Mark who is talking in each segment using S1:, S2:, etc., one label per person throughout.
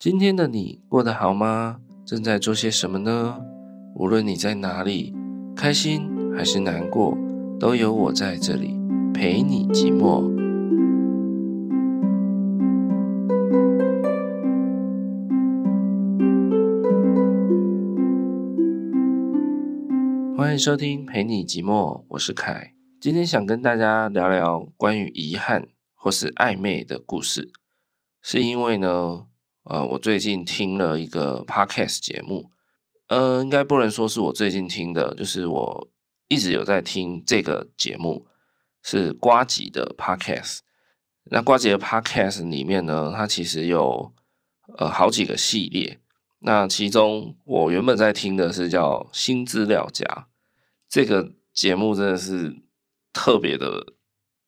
S1: 今天的你過得好嗎？正在做些什麼呢？無論你在哪裡，開心還是難過，都有我在這裡陪你寂寞。歡迎收聽《陪你寂寞》，我是凱。今天想跟大家聊聊關於遺憾或是曖昧的故事，是因為呢，呃，我最近聽了一個 podcast 節目，嗯、呃，應該不能說是我最近聽的，就是我一直有在聽這個節目，是呱吉的 podcast。那呱吉的 podcast 裡面呢，它其實有呃好幾個系列，那其中我原本在聽的是叫新資料夾，這個節目真的是特別的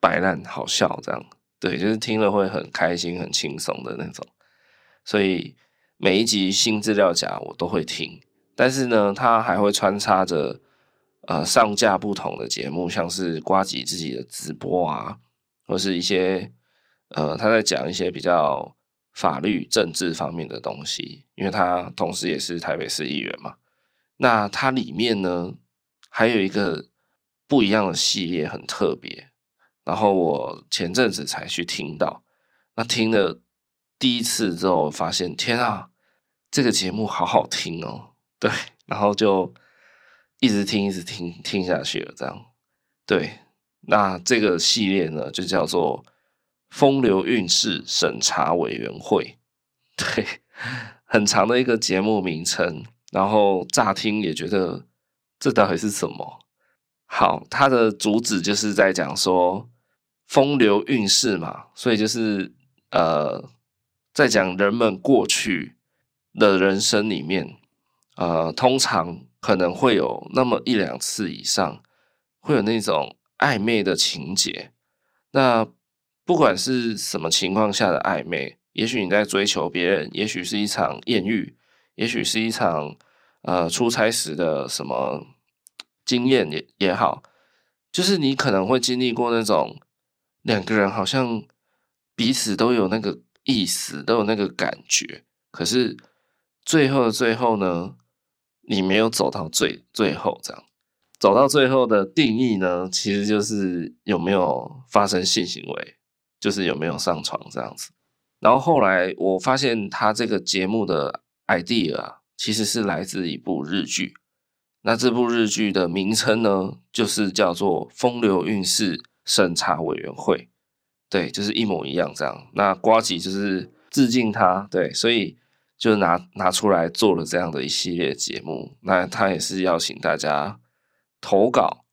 S1: 白爛好笑，這樣對，就是聽了會很開心、很輕鬆的那種。所以每一集新資料夾我都會聽，但是呢，他還會穿插着呃上架不同的節目，像是呱吉自己的直播啊，或是一些呃他在講一些比較法律政治方面的東西，因為他同時也是台北市議員嘛。那它裡面呢還有一個不一樣的系列，很特別。然後我前陣子才去聽到，那聽的。第一次之後發現，天啊，這個節目好好聽哦！對，然後就一直聽，一直聽聽下去了。這樣，對，那這個系列呢，就叫做《風流韻事審查委員會》，對，很長的一個節目名稱。然後乍聽也覺得這到底是什麼？好，它的主旨就是在講說風流韻事嘛，所以就是呃。在講人們過去的人生裡面，呃，通常可能會有那麼一兩次以上，會有那種曖昧的情節。那不管是什麼情況下的曖昧，也許你在追求別人，也許是一場豔遇，也許是一場呃出差時的什麼經驗也也好，就是你可能會經歷過那種兩個人好像彼此都有那個。意思都有那個感覺，可是最後的最後呢，你沒有走到最最後這樣。走到最後的定義呢，其實就是有沒有發生性行為，就是有沒有上床這樣子。然後後來我發現，他這個節目的 idea 啊，其實是來自一部日劇，那這部日劇的名稱呢，就是叫做《風流韻事審查委員會》。對，就是一模一樣這樣。那呱吉就是致敬他，對，所以就拿拿出來做了這樣的一系列節目。那他也是邀請大家投稿，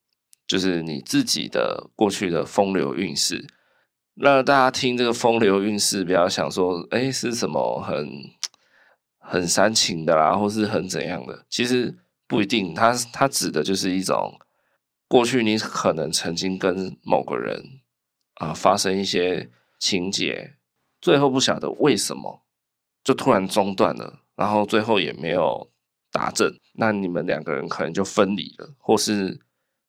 S1: 就是你自己的過去的風流韻事，讓大家聽這個風流韻事，不要想說，誒，是什麼很很煽情的啦，或是很怎樣的，其實不一定。他他指的就是一種過去你可能曾經跟某個人啊、呃，發生一些情節，最後不曉得為什麼就突然中斷了，然後最後也沒有達成，那你們兩個人可能就分離了，或是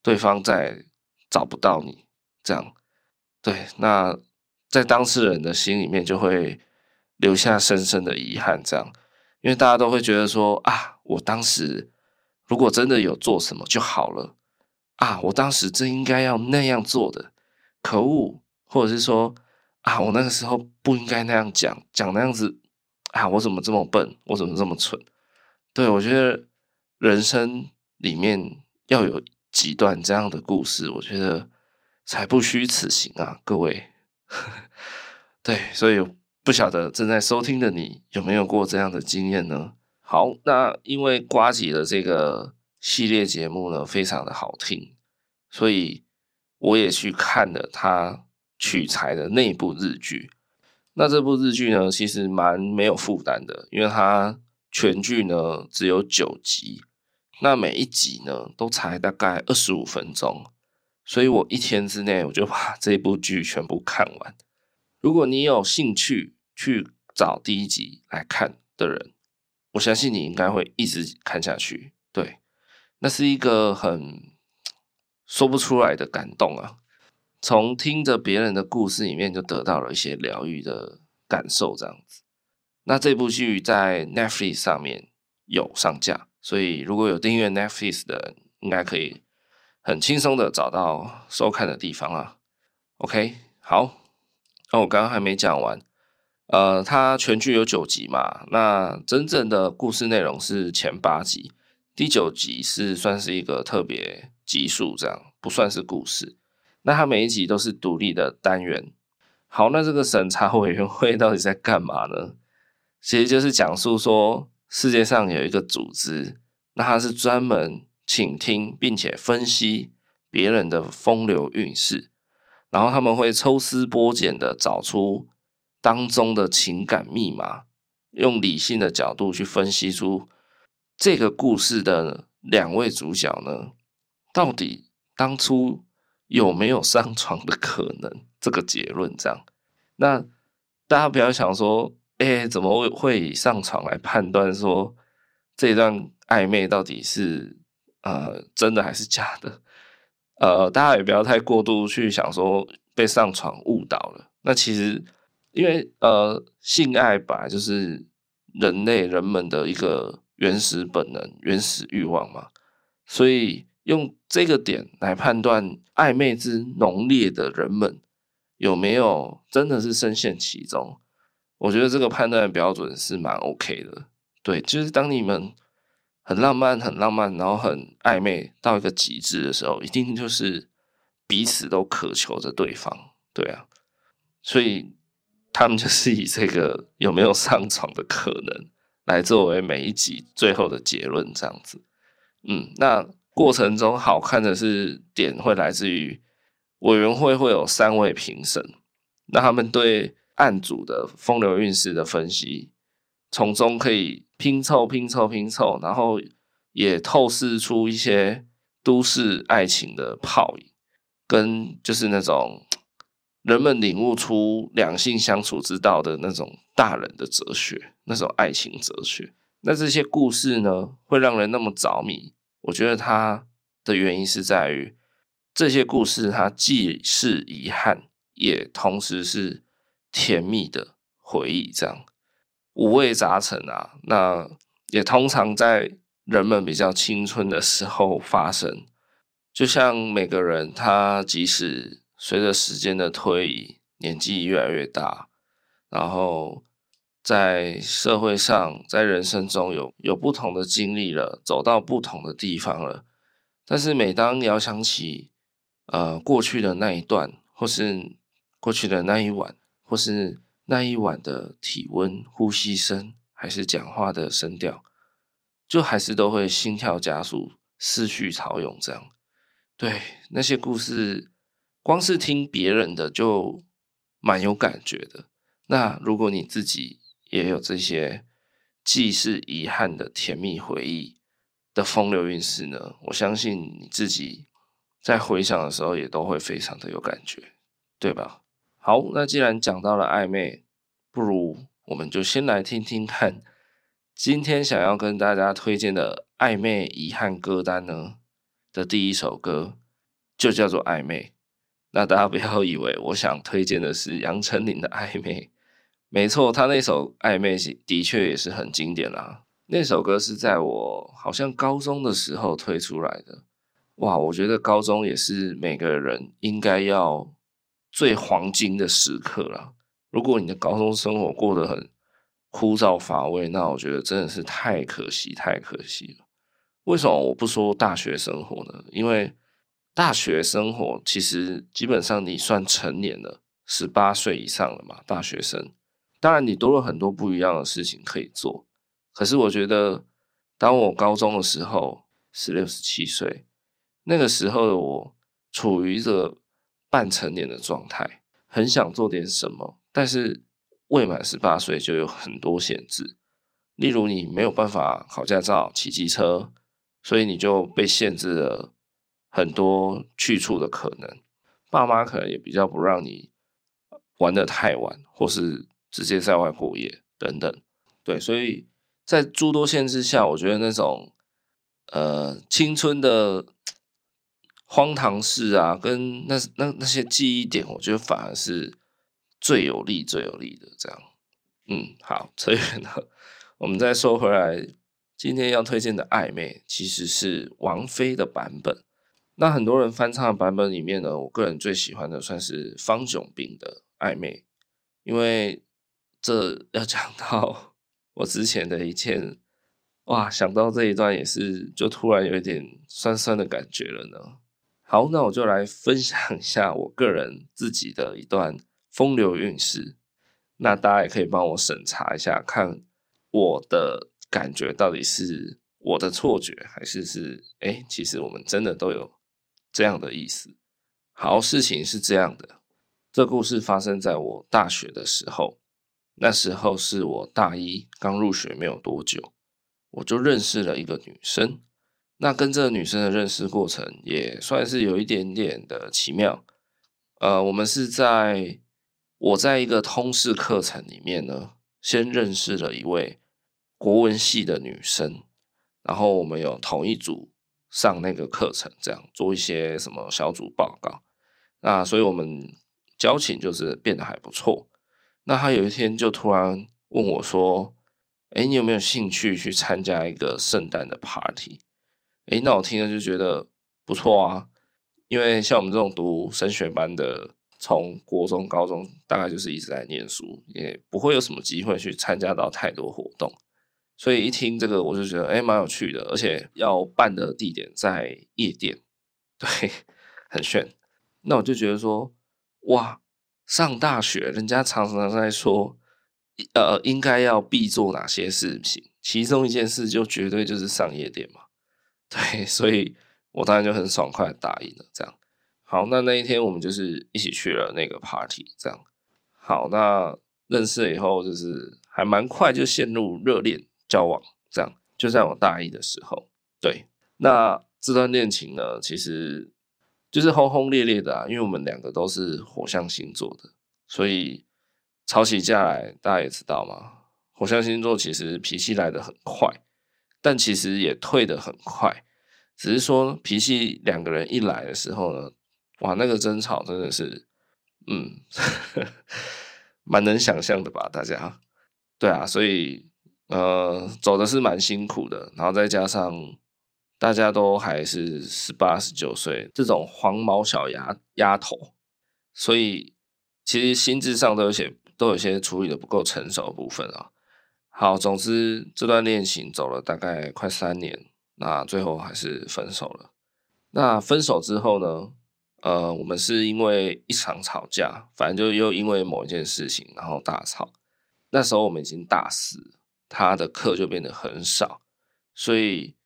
S1: 對方在找不到你，這樣。對，那在當事人的心裡面就會留下深深的遺憾，這樣，因為大家都會覺得說啊，我當時如果真的有做什麼就好了，啊，我當時真應該要那樣做的。可惡，或者是說啊，我那個時候不應該那樣講，講那樣子啊，我怎麼這麼笨，我怎麼這麼蠢？對，我覺得人生裡面要有幾段這樣的故事，我覺得才不虛此行啊，各位。 對，所以不曉得正在收聽的你有沒有過這樣的經驗呢？好，那因為瓜子的這個系列節目呢，非常的好聽，所以。我也去看了他取材的那一部日劇，那這部日劇呢，其實蠻沒有負擔的，因為它全劇呢只有九集，那每一集呢都才大概二十五分鐘，所以我一天之內我就把這部劇全部看完。如果你有興趣去找第一集來看的人，我相信你應該會一直看下去。對，那是一個很。說不出來的感動啊！從聽着別人的故事裡面，就得到了一些療癒的感受，這樣子。那這部劇在 Netflix 上面有上架，所以如果有訂閱 Netflix 的，應該可以很輕鬆的找到收看的地方啊。OK，好，那、哦、我剛剛還沒講完，呃，它全劇有九集嘛，那真正的故事內容是前八集，第九集是算是一個特別。集數這樣，不算是故事，那它每一集都是獨立的單元。好，那這個審查委員會到底在幹嘛呢？其實就是講述說世界上有一個組織，那它是專門傾聽並且分析別人的風流韻事，然後他們會抽絲剝繭的找出當中的情感密碼，用理性的角度去分析出這個故事的兩位主角呢。到底當初有沒有上床的可能？這個結論這樣，那大家不要想說，哎、欸，怎麼會會以上床來判斷說這段曖昧到底是、呃、真的還是假的？呃，大家也不要太過度去想說被上床誤導了。那其實因為呃，性愛本來就是人類人們的一個原始本能、原始慾望嘛，所以。用這個點來判斷曖昧之濃烈的人們有沒有真的是深陷其中，我覺得這個判斷標準是蠻 OK 的。對，就是當你們很浪漫、很浪漫，然後很曖昧到一個極致的時候，一定就是彼此都渴求着對方。對啊，所以他們就是以這個有沒有上床的可能來作為每一集最後的結論，這樣子。嗯，那。過程中好看的是點會來自於委員會會有三位評審，那他們對案主的風流韻事的分析，從中可以拼湊拼湊拼湊，然後也透視出一些都市愛情的泡影，跟就是那種人們領悟出兩性相處之道的那種大人的哲學，那種愛情哲學。那這些故事呢，會讓人那麼着迷？我覺得它的原因是在於這些故事，它既是遺憾，也同時是甜蜜的回憶，這樣五味雜陳啊。那也通常在人們比較青春的時候發生，就像每個人，他即使隨着時間的推移，年紀越來越大，然後。在社會上，在人生中有有不同的經歷了，走到不同的地方了。但是每當遙想起，呃，過去的那一段，或是過去的那一晚，或是那一晚的體溫、呼吸聲，還是講話的聲調，就還是都會心跳加速、思緒潮湧這樣。對，那些故事，光是聽別人的就蠻有感覺的。那如果你自己，也有這些既是遺憾的甜蜜回憶的風流韻事呢，我相信你自己在回想的時候也都會非常的有感覺，對吧？好，那既然講到了曖昧，不如我們就先來聽聽看今天想要跟大家推薦的曖昧遺憾歌單呢的第一首歌，就叫做曖昧。那大家不要以為我想推薦的是楊丞琳的曖昧。沒錯，他那首《曖昧》的確也是很經典啦。那首歌是在我好像高中的時候推出來的。哇，我覺得高中也是每個人應該要最黃金的時刻啦，如果你的高中生活過得很枯燥乏味，那我覺得真的是太可惜，太可惜了。為什麼我不說大學生活呢？因為大學生活其實基本上你算成年了，十八歲以上了嘛，大學生。當然，你多了很多不一樣的事情可以做。可是，我覺得，當我高中的時候，十六、十七歲，那個時候的我處於一個半成年的狀態，很想做點什麼，但是未滿十八歲就有很多限制。例如，你沒有辦法考駕照、騎機車，所以你就被限制了很多去處的可能。爸媽可能也比較不讓你玩得太晚，或是，直接在外過夜等等，對，所以在諸多限制下，我覺得那種呃青春的荒唐事啊，跟那那那些記憶點，我覺得反而是最有利、最有利的。這樣，嗯，好，所以呢，我們再說回來，今天要推薦的《曖昧》其實是王菲的版本。那很多人翻唱的版本裡面呢，我個人最喜歡的算是方炯鑌的《曖昧》，因為。這要講到我之前的一件，哇，想到這一段也是就突然有一點酸酸的感覺了呢。好，那我就來分享一下我個人自己的一段風流韻事。那大家也可以幫我審查一下，看我的感覺到底是我的錯覺，還是是，哎，其實我們真的都有這樣的意思。好，事情是這樣的，這故事發生在我大學的時候。那時候是我大一剛入學沒有多久，我就認識了一個女生。那跟這個女生的認識過程也算是有一點點的奇妙。呃，我們是在我在一個通識課程裡面呢，先認識了一位國文系的女生，然後我們有同一組上那個課程，這樣做一些什麼小組報告。那所以我們交情就是變得還不錯。那他有一天就突然問我說：“誒、欸、你有沒有興趣去參加一個聖誕的 party？” 誒、欸、那我聽了就覺得不錯啊，因為像我們這種讀升學班的，從國中、高中大概就是一直在念書，也不會有什麼機會去參加到太多活動，所以一聽這個我就覺得誒蠻、欸、有趣的，而且要辦的地點在夜店，對，很炫。那我就覺得說，哇！上大學，人家常常在說，呃，應該要必做哪些事情，其中一件事就絕對就是上夜店嘛。對，所以我當然就很爽快答應了。這樣，好，那那一天我們就是一起去了那個 party。這樣，好，那認識了以後，就是還蠻快就陷入熱戀交往。這樣，就在我大一的時候。對，那這段戀情呢，其實。就是轟轟烈烈的啊，因為我們兩個都是火象星座的，所以吵起架來，大家也知道嘛。火象星座其實脾氣來得很快，但其實也退得很快，只是說脾氣兩個人一來的時候呢，哇，那個爭吵真的是，嗯，蠻 能想象的吧？大家，對啊，所以呃，走的是蠻辛苦的，然後再加上。大家都還是十八、十九歲這種黃毛小丫丫頭，所以其實心智上都有些都有些處理得不夠成熟的部分啊。好，總之這段戀情走了大概快三年，那最後還是分手了。那分手之後呢？呃，我們是因為一場吵架，反正就又因為某一件事情然後大吵。那時候我們已經大四，他的課就變得很少，所以。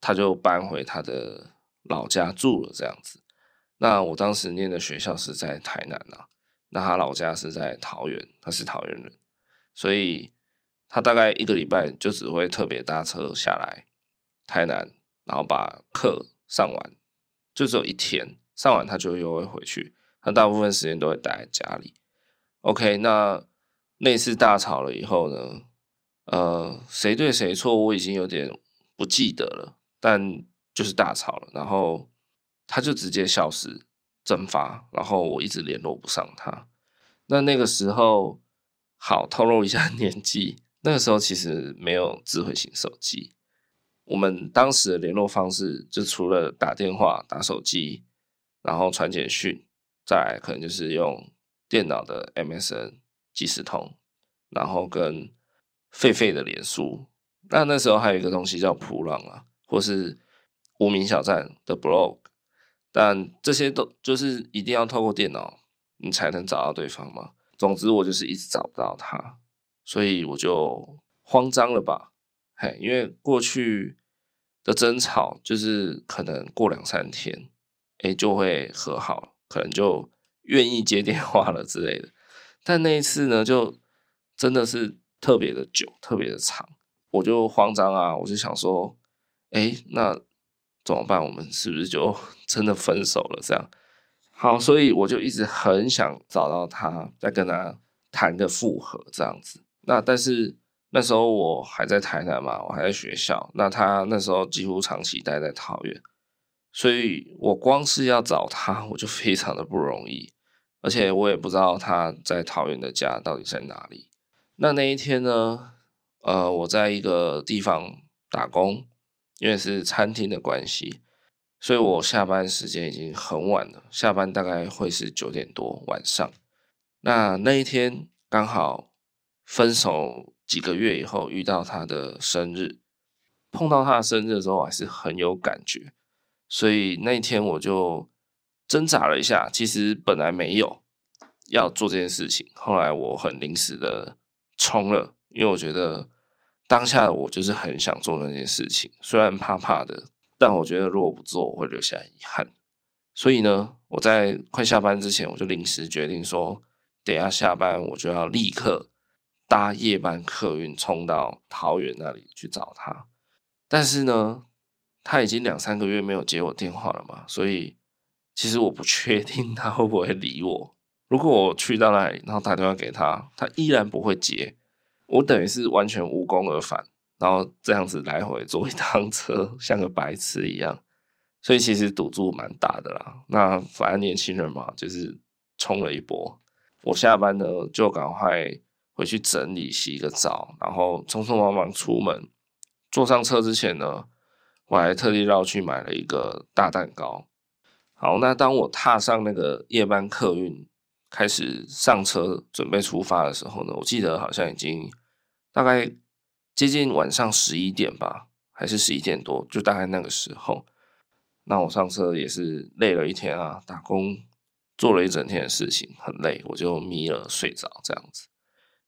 S1: 他就搬回他的老家住了這樣子。那我當時念的學校是在台南啊，那他老家是在桃園，他是桃園人，所以他大概一個禮拜就只會特別搭車下來台南，然後把課上完，就只有一天，上完他就又會回去。他大部分時間都會待在家裡。OK，那那次大吵了以後呢？呃，誰對誰錯，我已經有點不記得了。但就是大吵了，然後他就直接消失、蒸發，然後我一直聯絡不上他。那那個時候，好，透露一下年紀，那個時候其實沒有智慧型手機，我們當時的聯絡方式就除了打電話、打手機，然後傳簡訊，再來可能就是用電腦的 MSN 即時通，然後跟沸沸的臉書。那那時候還有一個東西叫噗浪啊。或是無名小站的 blog，但這些都就是一定要透過電腦你才能找到對方嘛？總之我就是一直找不到他，所以我就慌張了吧？嘿，因為過去的爭吵就是可能過兩三天，誒、欸，就會和好，可能就願意接電話了之類的。但那一次呢，就真的是特別的久，特別的長，我就慌張啊，我就想說。哎、欸，那怎麼辦？我們是不是就真的分手了？這樣好，所以我就一直很想找到他，再跟他談個復合這樣子。那但是那時候我還在台南嘛，我還在學校。那他那時候幾乎長期待在桃園，所以我光是要找他，我就非常的不容易。而且我也不知道他在桃園的家到底在哪裡。那那一天呢，呃，我在一個地方打工。因為是餐廳的關係，所以我下班時間已經很晚了，下班大概會是九點多晚上。那那一天剛好分手幾個月以後遇到他的生日，碰到他的生日的時候，我還是很有感覺，所以那一天我就掙扎了一下，其實本來沒有要做這件事情，後來我很臨時的衝了，因為我覺得。當下我就是很想做那件事情，雖然怕怕的，但我覺得如果不做，我會留下遺憾。所以呢，我在快下班之前，我就臨時決定說，等下下班我就要立刻搭夜班客運，衝到桃園那裡去找他。但是呢，他已經兩三個月沒有接我電話了嘛，所以其實我不確定他會不會理我。如果我去到那裡，然後打電話給他，他依然不會接。我等於是完全無功而返，然後這樣子來回坐一趟車，像個白痴一樣，所以其實賭注蠻大的啦。那反正年輕人嘛，就是衝了一波。我下班呢就趕快回去整理、洗個澡，然後匆匆忙忙出門。坐上車之前呢，我還特地繞去買了一個大蛋糕。好，那當我踏上那個夜班客運，開始上車準備出發的時候呢，我記得好像已經大概接近晚上十一點吧，還是十一點多，就大概那個時候。那我上車也是累了一天啊，打工做了一整天的事情，很累，我就迷了睡着這樣子。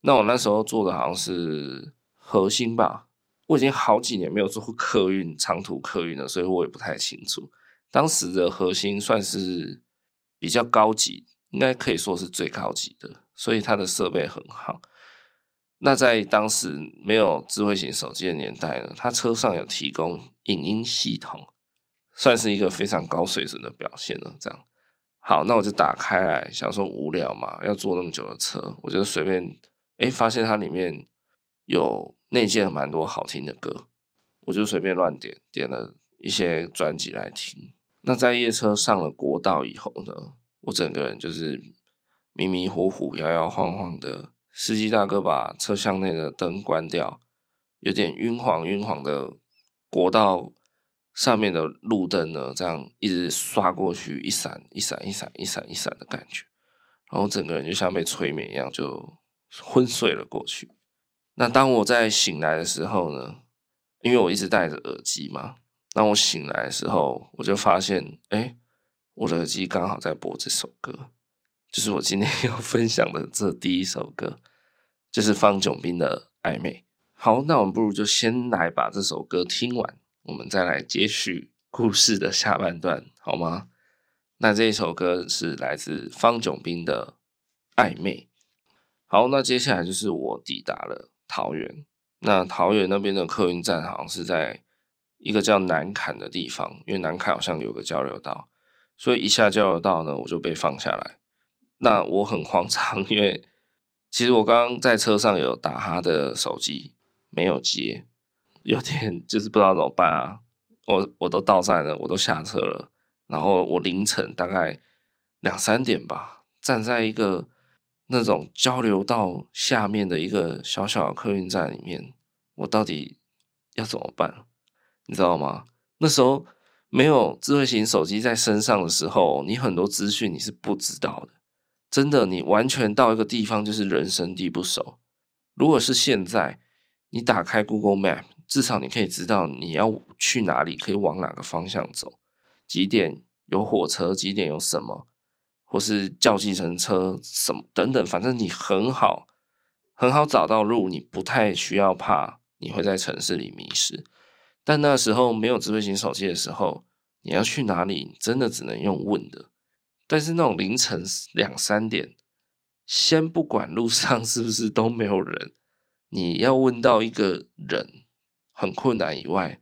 S1: 那我那時候做的好像是核心吧，我已經好幾年沒有坐過客運長途客運了，所以我也不太清楚。當時的核心算是比較高級。應該可以說是最高級的，所以它的設備很好。那在當時沒有智慧型手機的年代呢，它車上有提供影音系統，算是一個非常高水準的表現了這樣。好，那我就打開來，想說無聊嘛，要坐那麼久的車，我就隨便哎、欸，發現它裡面有內建蠻多好聽的歌，我就隨便亂點點了一些專輯來聽。那在夜車上了國道以後呢，我整個人就是迷迷糊糊、搖搖晃晃的。司機大哥把車廂內的燈關掉，有點暈黃暈黃的。國道上面的路燈呢，這樣一直刷過去，一閃一閃一閃一閃一閃的感覺。然後整個人就像被催眠一樣，就昏睡了過去。那當我再醒來的時候呢，因為我一直戴着耳機嘛，當我醒來的時候，我就發現，哎、欸。我的耳機剛好在播這首歌，就是我今天要分享的這第一首歌，就是方炯鑌的《曖昧》。好，那我們不如就先來把這首歌聽完，我們再來接續故事的下半段，好嗎？那這一首歌是來自方炯鑌的《曖昧》。好，那接下來就是我抵達了桃園。那桃園那邊的客運站好像是在一個叫南崁的地方，因為南崁好像有個交流道。所以一下交流道呢，我就被放下來，那我很慌張，因為其實我剛剛在車上有打他的手機，沒有接，有點就是不知道怎麼辦啊。我我都到站了，我都下車了，然後我凌晨大概兩三點吧，站在一個那種交流道下面的一個小小客運站裡面，我到底要怎麼辦？你知道嗎？那時候。沒有智慧型手機在身上的時候，你很多資訊你是不知道的。真的，你完全到一個地方就是人生地不熟。如果是現在，你打開 Google Map，至少你可以知道你要去哪裡，可以往哪個方向走，幾點有火車，幾點有什麼，或是叫計程車，什麼等等。反正你很好，很好找到路，你不太需要怕你會在城市裡迷失。但那時候沒有智慧型手機的時候，你要去哪裡，真的只能用問的。但是那種凌晨兩三點，先不管路上是不是都沒有人，你要問到一個人很困難以外，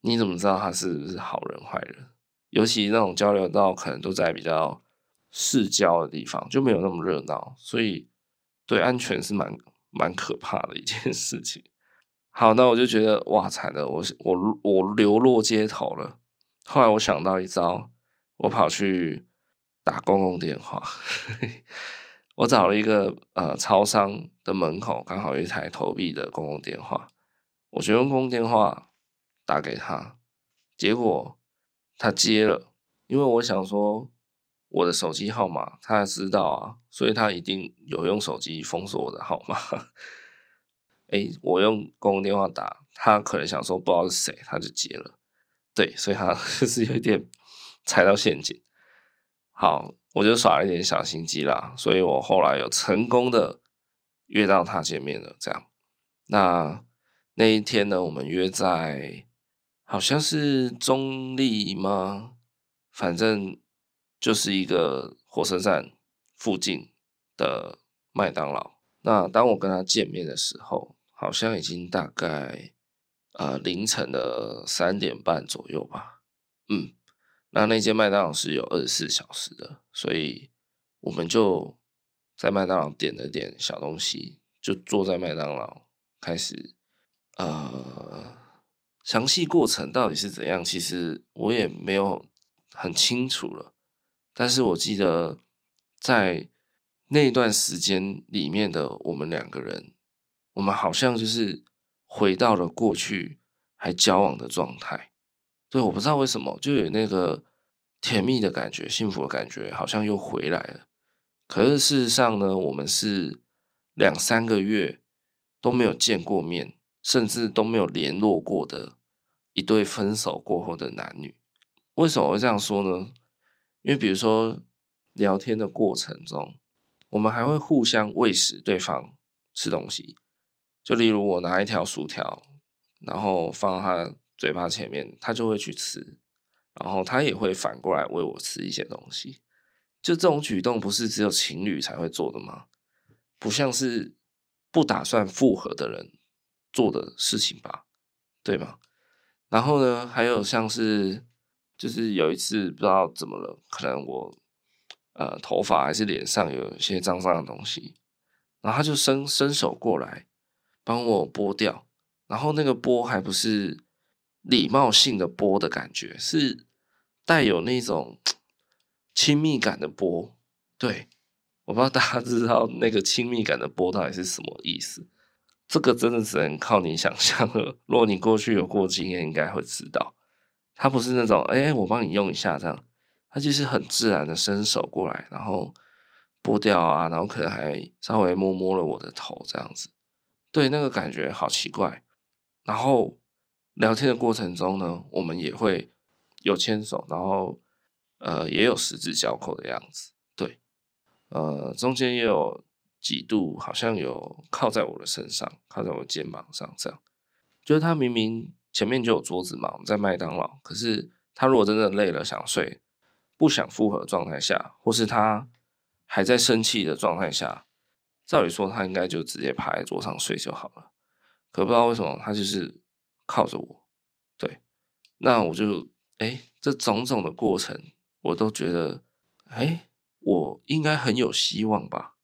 S1: 你怎麼知道他是不是好人壞人？尤其那種交流道可能都在比較市郊的地方，就沒有那麼熱鬧，所以對安全是蠻蠻可怕的一件事情。好，那我就覺得哇，慘了，我我我流落街頭了。後來我想到一招，我跑去打公共電話。 我找了一個呃超商的門口，剛好有一台投幣的公共電話。我使用公共電話打給他，結果他接了，因為我想說我的手機號碼他還知道啊，所以他一定有用手機封鎖我的號碼。誒、欸，我用公共電話打，他可能想說不知道是誰，他就接了，對，所以他就是有點踩到陷阱。好，我就耍了一點小心機啦，所以我後來有成功的約到他見面了。這樣，那那一天呢，我們約在好像是中壢嗎？反正就是一個火車站附近的麥當勞。那當我跟他見面的時候，好像已經大概，呃，凌晨的三點半左右吧，嗯，那那間麥當勞是有二十四小時的，所以我們就在麥當勞點了點小東西，就坐在麥當勞開始，呃，詳細過程到底是怎樣，其實我也沒有很清楚了，但是我記得在那段時間裡面的我們兩個人。我們好像就是回到了過去還交往的狀態，對，我不知道為什麼就有那個甜蜜的感覺、幸福的感覺，好像又回來了。可是事實上呢，我們是兩三個月都沒有見過面，甚至都沒有聯絡過的，一對分手過後的男女，為什麼會這樣說呢？因為比如說聊天的過程中，我們還會互相餵食對方吃東西。就例如我拿一條薯條，然後放他嘴巴前面，他就會去吃，然後他也會反過來餵我吃一些東西。就這種舉動，不是只有情侶才會做的嗎？不像是不打算複合的人做的事情吧？對嗎？然後呢，還有像是就是有一次不知道怎麼了，可能我呃頭髮還是臉上有一些髒髒的東西，然後他就伸伸手過來。幫我撥掉，然後那個撥還不是禮貌性的撥的感覺，是帶有那種親密感的撥。對，我不知道大家知道那個親密感的撥到底是什麼意思，這個真的只能靠你想象了。如果你過去有過經驗，應該會知道，它不是那種哎、欸，我幫你用一下這樣，它就是很自然的伸手過來，然後撥掉啊，然後可能還稍微摸摸了我的頭這樣子。對，那個感覺好奇怪。然後聊天的過程中呢，我們也會有牽手，然後呃，也有十指交扣的樣子。對，呃，中間也有幾度，好像有靠在我的身上，靠在我肩膀上，這樣。就是他明明前面就有桌子嘛，我們在麥當勞。可是他如果真的累了想睡，不想復合的狀態下，或是他還在生氣的狀態下，照理說，他應該就直接趴在桌上睡就好了。可不知道為什麼，他就是靠着我。對，那我就誒，這種種的過程，我都覺得誒我應該很有希望吧？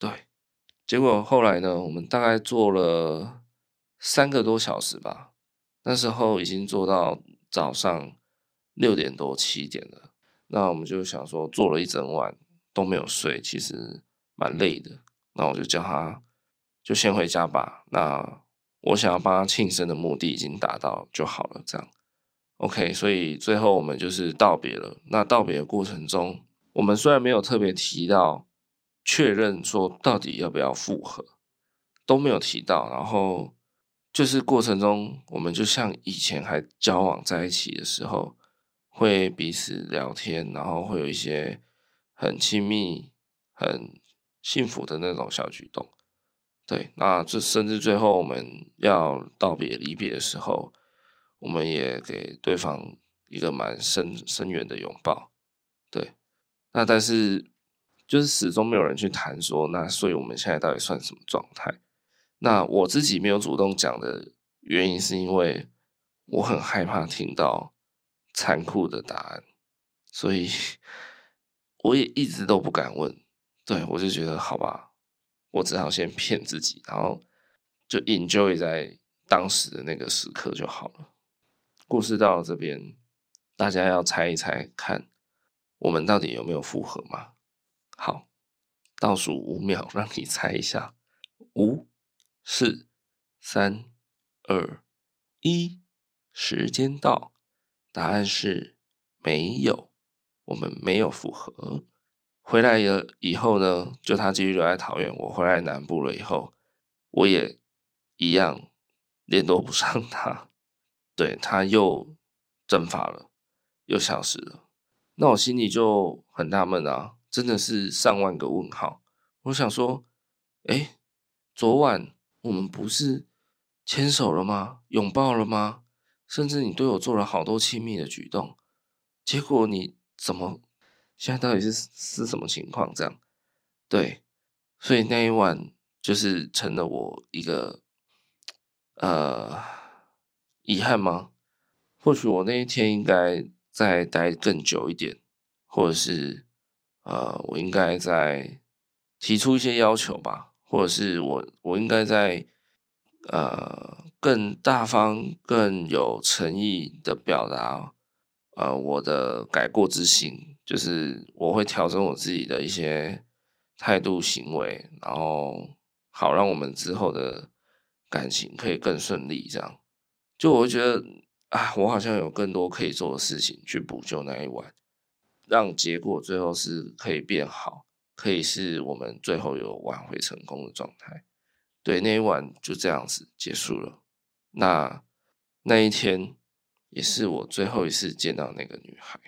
S1: 對。結果後來呢，我們大概坐了三個多小時吧，那時候已經坐到早上六點多七點了。那我們就想說，坐了一整晚都沒有睡，其實蠻累的。那我就叫他，就先回家吧。那我想要幫他慶生的目的已經達到就好了，這樣，OK。所以最後我們就是道別了。那道別的過程中，我們雖然沒有特別提到確認說到底要不要復合，都沒有提到。然後就是過程中，我們就像以前還交往在一起的時候，會彼此聊天，然後會有一些很親密、很幸福的那種小舉動，對，那這甚至最後我們要道別離別的時候，我們也給對方一個蠻深深遠的擁抱，對，那但是就是始終沒有人去談說，那所以我們現在到底算什麼狀態？那我自己沒有主動講的原因，是因為我很害怕聽到殘酷的答案，所以我也一直都不敢問。對，我就覺得好吧，我只好先騙自己，然後就 enjoy 在當時的那個時刻就好了。故事到了這邊，大家要猜一猜看，我們到底有沒有復合嗎？好，倒數五秒，讓你猜一下，五、四、三、二、一，時間到，答案是沒有，我們沒有復合。回來了以後呢，就他繼續留在桃園。我回來南部了以後，我也一樣聯絡不上他，對他又蒸發了，又消失了。那我心裡就很納悶啊，真的是上萬個問號。我想說，哎、欸，昨晚我們不是牽手了嗎？擁抱了嗎？甚至你對我做了好多親密的舉動，結果你怎麼？現在到底是是什麼情況這樣？對，所以那一晚就是成了我一個呃遺憾嗎？或許我那一天應該再待更久一點，或者是呃，我應該再提出一些要求吧，或者是我我應該在呃更大方、更有誠意的表達呃我的改過之心。就是我會調整我自己的一些態度、行為，然後好讓我們之後的感情可以更順利。這樣，就我會覺得啊，我好像有更多可以做的事情去補救那一晚，讓結果最後是可以變好，可以是我們最後有挽回成功的狀態。對，那一晚就這樣子結束了。那那一天也是我最後一次見到那個女孩。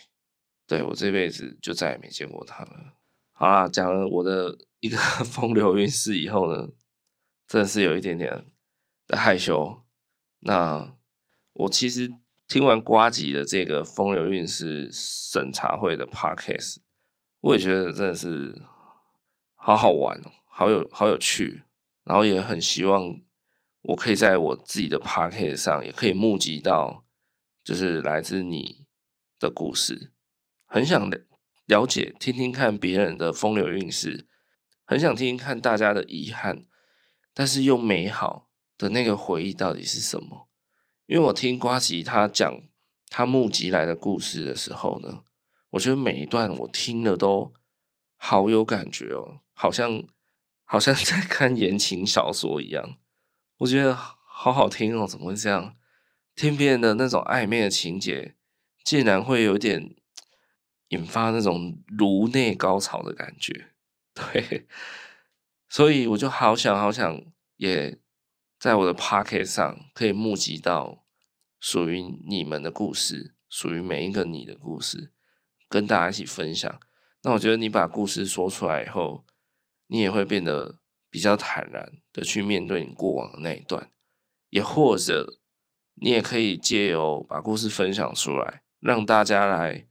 S1: 對，我這輩子就再也沒見過他了。好啦，講了我的一個風流韻事以後呢，真的是有一點點的害羞。那我其實聽完瓜吉的這個風流韻事審查會的 podcast，我也覺得真的是好好玩，好有好有趣，然後也很希望我可以在我自己的 podcast 上也可以募集到，就是來自你的故事。很想了解、聽聽看別人的風流韻事，很想聽聽看大家的遺憾，但是又美好的那個回憶到底是什麼？因為我聽呱吉他講他募集來的故事的時候呢，我覺得每一段我聽了都好有感覺哦，好像好像在看言情小說一樣，我覺得好好聽哦，怎麼會這樣？聽別人的那種曖昧的情節，竟然會有點。引發那種顱內高潮的感覺，對，所以我就好想好想，也在我的 Podcast 上可以募集到屬於你們的故事，屬於每一個你的故事，跟大家一起分享。那我覺得你把故事說出來以後，你也會變得比較坦然的去面對你過往的那一段，也或者你也可以借由把故事分享出來，讓大家來。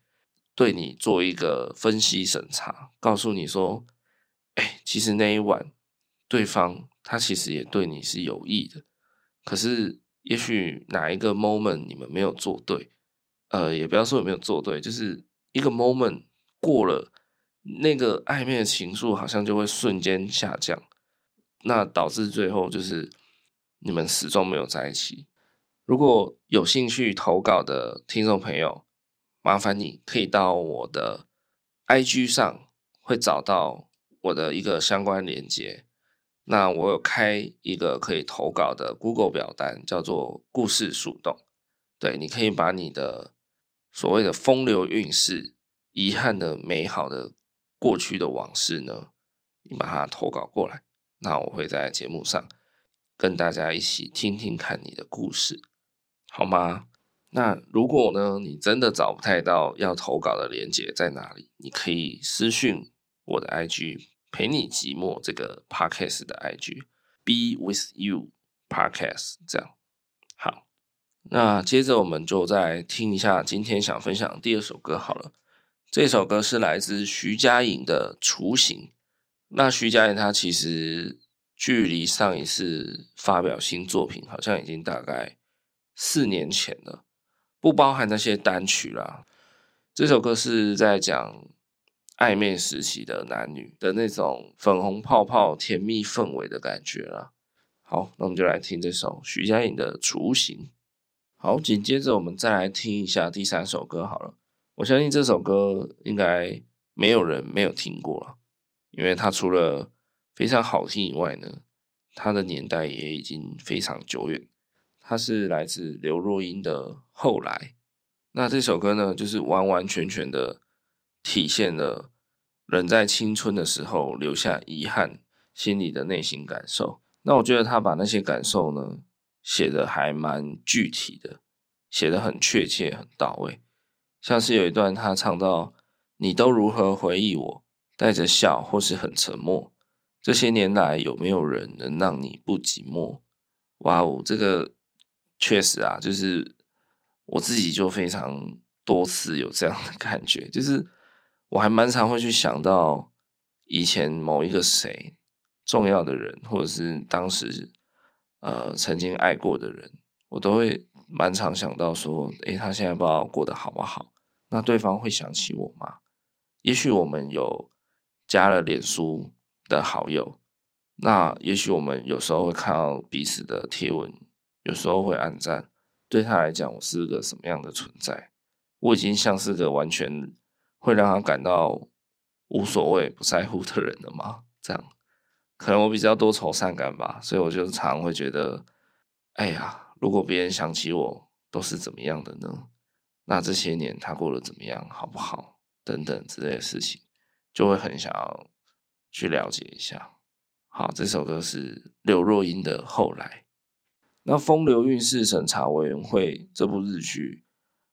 S1: 對你做一個分析審查，告訴你說：“哎、欸，其實那一晚，對方他其實也對你是有意的，可是也許哪一個 moment 你們沒有做對，呃，也不要說有沒有做對，就是一個 moment 過了，那個曖昧的情愫好像就會瞬間下降，那導致最後就是你們始終沒有在一起。如果有興趣投稿的聽眾朋友。”麻煩你可以到我的 IG 上會找到我的一個相關鏈接。那我有開一個可以投稿的 Google 表單，叫做“故事樹洞”。對，你可以把你的所謂的風流韻事、遺憾的、美好的過去的往事呢，你把它投稿過來。那我會在節目上跟大家一起聽聽看你的故事，好嗎？那如果呢，你真的找不太到要投稿的鏈接在哪裡，你可以私訊我的 IG 陪你寂寞這個 Podcast 的 IG Be with you Podcast 這樣。好，那接着我們就再聽一下今天想分享的第二首歌好了。這首歌是來自徐佳瑩的《雛形》。那徐佳瑩她其實距離上一次發表新作品好像已經大概四年前了。不包含那些單曲啦，這首歌是在講曖昧時期的男女的那種粉紅泡泡、甜蜜氛圍的感覺啦。好，那我們就來聽這首徐佳瑩的《雛形》。好，緊接着我們再來聽一下第三首歌。好了，我相信這首歌應該沒有人沒有聽過啦，因為它除了非常好聽以外呢，它的年代也已經非常久遠。它是來自劉若英的。後來，那這首歌呢，就是完完全全的體現了人在青春的時候留下遺憾，心裡的內心感受。那我覺得他把那些感受呢，寫得還蠻具體的，寫得很確切，很到位。像是有一段他唱到：“你都如何回憶我？帶着笑，或是很沉默？這些年來，有沒有人能讓你不寂寞？”哇哦，這個確實啊，就是。我自己就非常多次有這樣的感覺，就是我還蠻常會去想到以前某一個誰重要的人，或者是當時呃曾經愛過的人，我都會蠻常想到說，誒，欸，他現在不知道過得好不好？那對方會想起我嗎？也許我們有加了臉書的好友，那也許我們有時候會看到彼此的貼文，有時候會按讚。對他來講，我是個什麼樣的存在？我已經像是個完全會讓他感到無所謂、不在乎的人了嗎？這樣，可能我比較多愁善感吧，所以我就常會覺得，哎呀，如果別人想起我都是怎麼樣的呢？那這些年他過得怎麼樣，好不好？等等之類的事情，就會很想要去了解一下。好，這首歌是劉若英的《後來》。那《風流韻事審查委員會》這部日劇，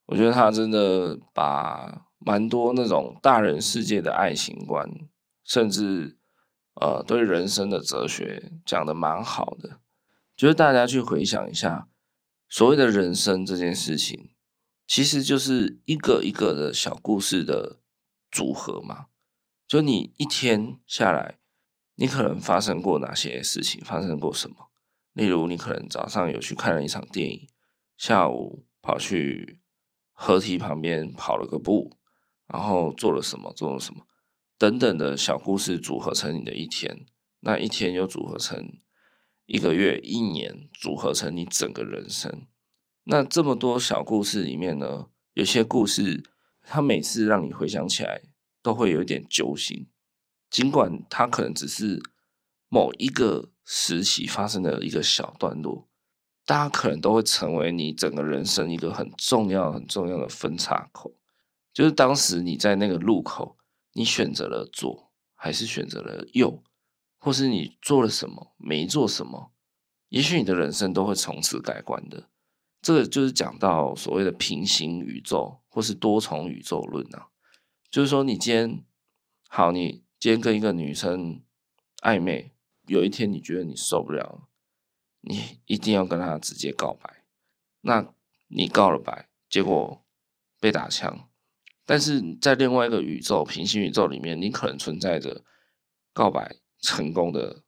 S1: 我覺得他真的把蠻多那種大人世界的愛情觀，甚至呃對人生的哲學講的蠻好的。就是大家去回想一下，所謂的人生這件事情，其實就是一個一個的小故事的組合嘛。就你一天下來，你可能發生過哪些事情，發生過什麼。例如，你可能早上有去看了一場電影，下午跑去河堤旁邊跑了個步，然後做了什麼做了什麼等等的小故事組合成你的一天，那一天又組合成一個月、一年，組合成你整個人生。那這麼多小故事裡面呢，有些故事它每次讓你回想起來都會有一點揪心，儘管它可能只是某一個時期發生的一個小段落，大家可能都會成為你整個人生一個很重要、很重要的分叉口。就是當時你在那個路口，你選擇了左，還是選擇了右，或是你做了什麼，沒做什麼，也許你的人生都會從此改觀的。這個就是講到所謂的平行宇宙或是多重宇宙論啊，就是說你今天好，你今天跟一個女生曖昧。有一天你覺得你受不了，你一定要跟他直接告白。那你告了白，結果被打槍。但是在另外一個宇宙，平行宇宙裡面，你可能存在着告白成功的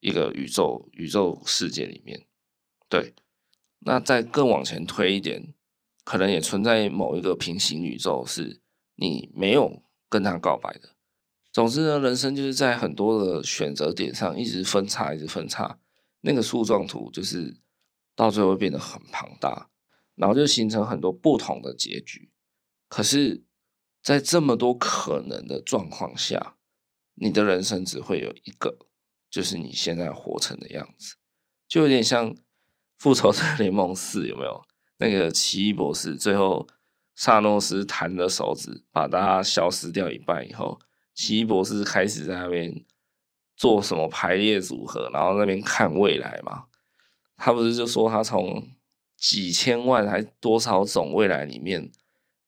S1: 一個宇宙，宇宙世界裡面。對，那再更往前推一點，可能也存在某一個平行宇宙是你沒有跟他告白的。總之呢，人生就是在很多的選擇點上一直分岔，一直分岔。那個樹狀圖就是到最後變得很龐大，然後就形成很多不同的結局。可是，在這麼多可能的狀況下，你的人生只會有一個，就是你現在活成的樣子。就有點像《復仇者聯盟四》，有沒有？那個奇異博士最後，薩諾斯彈了手指，把它消失掉一半以後。奇異博士開始在那邊做什麼排列組合，然後那邊看未來嘛。他不是就說他從幾千萬還多少種未來裡面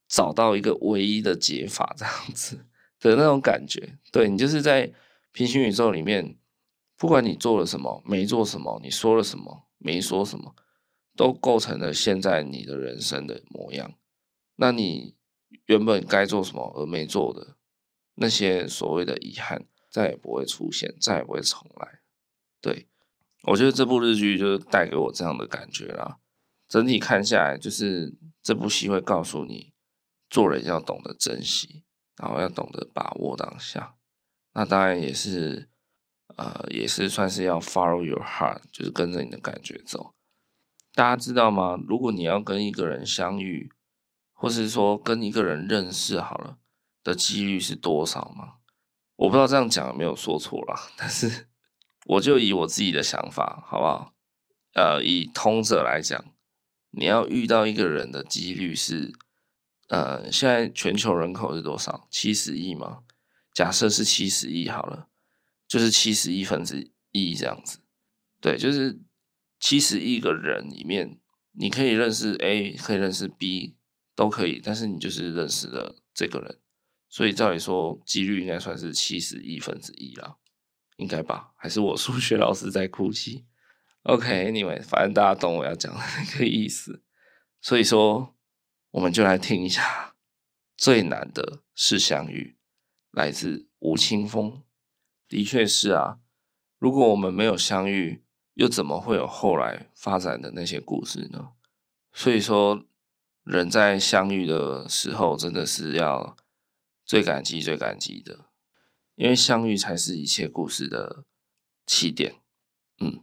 S1: 找到一個唯一的解法，這樣子的那種感覺。對，你就是在平行宇宙裡面，不管你做了什麼，沒做什麼，你說了什麼，沒說什麼，都構成了現在你的人生的模樣。那你原本該做什麼而沒做的？那些所謂的遺憾，再也不會出現，再也不會重來。對。我覺得這部日劇就是帶給我這樣的感覺啦。整體看下來，就是這部戲會告訴你，做人要懂得珍惜，然後要懂得把握當下。那當然也是，呃，也是算是要 follow your heart，就是跟着你的感覺走。大家知道嗎？如果你要跟一個人相遇，或是說跟一個人認識好了。的幾率是多少嗎？我不知道這樣講有沒有說錯啦，但是我就以我自己的想法，好不好？呃，以通者來講，你要遇到一個人的幾率是，呃，現在全球人口是多少？七十億嗎？假設是七十億好了，就是七十億分之一這樣子。對，就是七十億個人裡面，你可以認識 A，可以認識 B，都可以，但是你就是認識了這個人。所以照理說，幾率應該算是七十億分之一啦，應該吧？還是我數學老師在哭泣？OK，anyway，反正大家懂我要講的那個意思。所以說，我們就來聽一下最難的是相遇，來自吳青峰。的確是啊，如果我們沒有相遇，又怎麼會有後來發展的那些故事呢？所以說，人在相遇的時候，真的是要。最感激、最感激的，因為相遇才是一切故事的起點。嗯，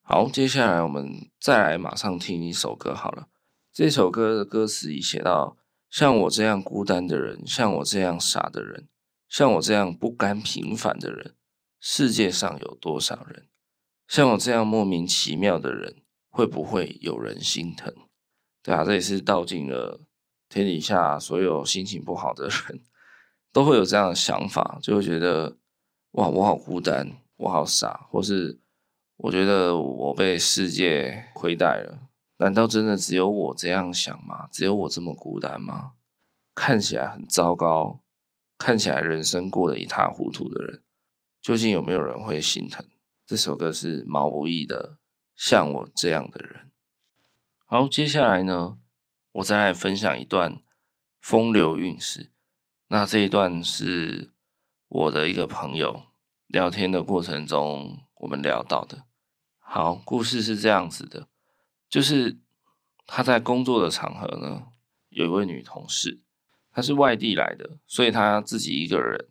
S1: 好，接下來我們再來馬上聽一首歌好了。這首歌的歌詞裡寫到：“像我這樣孤單的人，像我這樣傻的人，像我這樣不甘平凡的人，世界上有多少人？像我這樣莫名其妙的人，會不會有人心疼？對啊，這也是道盡了。”天底下所有心情不好的人，都會有這樣的想法，就會覺得哇，我好孤單，我好傻，或是我覺得我被世界虧待了。難道真的只有我這樣想嗎？只有我這麼孤單嗎？看起來很糟糕，看起來人生過得一塌糊塗的人，究竟有沒有人會心疼？這首歌是毛不易的《像我這樣的人》。好，接下來呢？我再來分享一段風流韻事。那這一段是我的一個朋友聊天的過程中，我們聊到的。好，故事是這樣子的，就是他在工作的場合呢，有一位女同事，她是外地來的，所以她自己一個人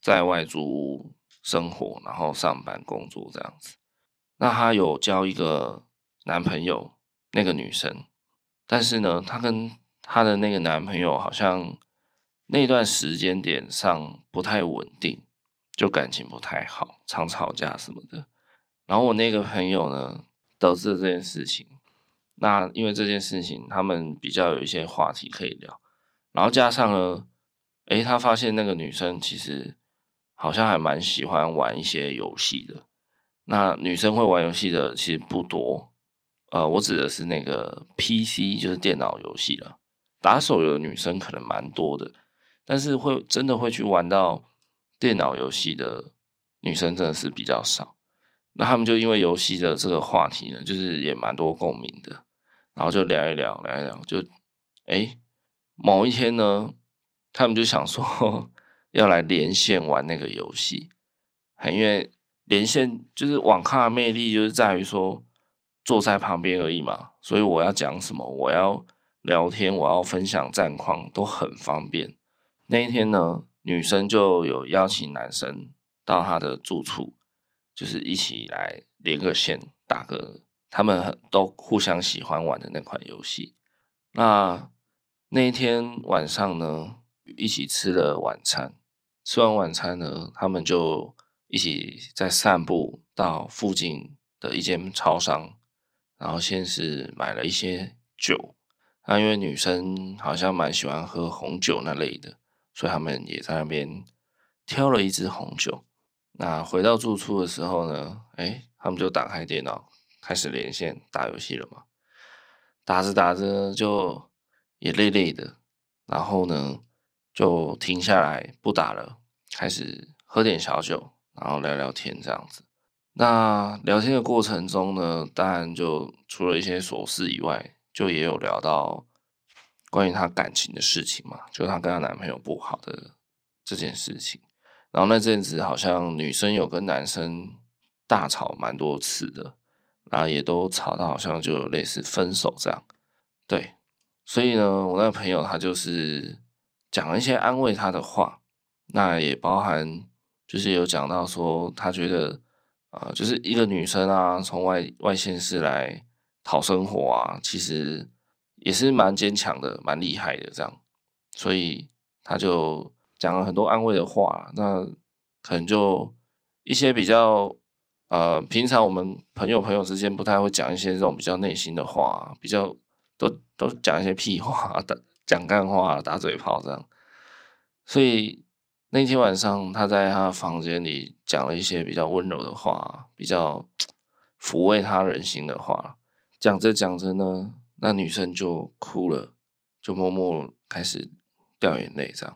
S1: 在外租屋生活，然後上班工作這樣子。那她有交一個男朋友，那個女生。但是呢，她跟她的那個男朋友好像那段時間點上不太穩定，就感情不太好，常吵架什麼的。然後我那個朋友呢，得知了這件事情，那因為這件事情，他們比較有一些話題可以聊。然後加上呢，誒，他發現那個女生其實好像還蠻喜歡玩一些遊戲的。那女生會玩遊戲的其實不多。呃，我指的是那個 PC，就是電腦遊戲了。打手遊的女生可能蠻多的，但是會真的會去玩到電腦遊戲的女生真的是比較少。那他們就因為遊戲的這個話題呢，就是也蠻多共鳴的，然後就聊一聊，聊一聊，就哎，某一天呢，他們就想說呵呵要來連線玩那個遊戲，很因為連線就是網咖的魅力，就是在於說。坐在旁邊而已嘛，所以我要講什麼，我要聊天，我要分享戰況都很方便。那一天呢，女生就有邀請男生到她的住處，就是一起來連個線打個他們都互相喜歡玩的那款遊戲。那那一天晚上呢，一起吃了晚餐，吃完晚餐呢，他們就一起在散步到附近的一間超商。然後先是買了一些酒，那因為女生好像蠻喜歡喝紅酒那類的，所以他們也在那邊挑了一支紅酒。那回到住處的時候呢，誒，他們就打開電腦開始連線打遊戲了嘛。打着打着就也累累的，然後呢就停下來不打了，開始喝點小酒，然後聊聊天這樣子。那聊天的過程中呢，當然就除了一些瑣事以外，就也有聊到關於她感情的事情嘛，就她跟她男朋友不好的這件事情。然後那陣子好像女生有跟男生大吵蠻多次的，然後也都吵到好像就有類似分手這樣。對，所以呢，我那個朋友他就是講一些安慰她的話，那也包含就是有講到說她覺得。啊、呃，就是一個女生啊，從外外縣市來討生活啊，其實也是蠻堅強的，蠻厲害的這樣，所以他就講了很多安慰的話。那可能就一些比較呃，平常我們朋友朋友之間不太會講一些這種比較內心的話，比較都都講一些屁話，講幹話，打嘴炮這樣。所以那天晚上，他在他房間裡。講了一些比較溫柔的話啊，比較撫慰他人心的話啊。講着講着呢，那女生就哭了，就默默開始掉眼淚。這樣，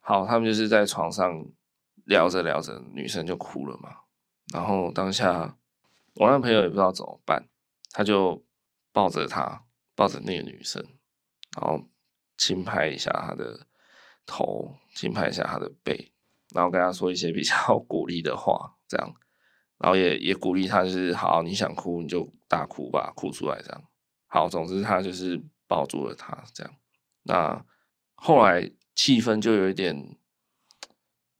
S1: 好，他們就是在床上聊着聊着，女生就哭了嘛。然後當下，我那朋友也不知道怎麼辦，他就抱着她，抱着那個女生，然後輕拍一下她的頭，輕拍一下她的背。然後跟他說一些比較鼓勵的話，這樣，然後也也鼓勵他，就是好，你想哭你就大哭吧，哭出來這樣。好，總之他就是抱住了他這樣。那後來氣氛就有一點